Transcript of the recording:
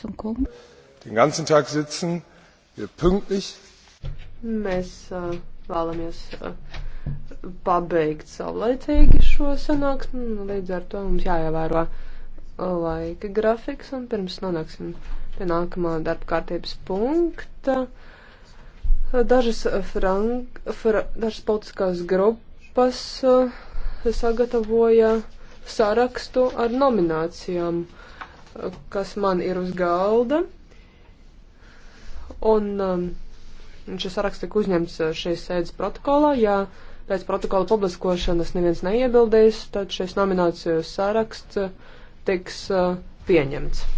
dāmas un kungi. Den ganzen Tag sitzen wir pünktlich. Mēs uh, vēlamies uh, pabeigt saulēcīgi šo sanāksmi, līdz ar to mums jāievēro uh, laika grafiks, un pirms nonāksim pie nākamā darba kārtības punkta. Uh, dažas, frank, fra, dažas politiskās grupas uh, sagatavoja sarakstu ar nominācijām. Uh, kas man ir uz galda. Un um, šis saraksts tika uzņemts uh, šīs sēdes protokolā. Ja pēc protokola publiskošanas neviens neiebildīs, tad šis nomināciju saraksts uh, tiks uh, pieņemts.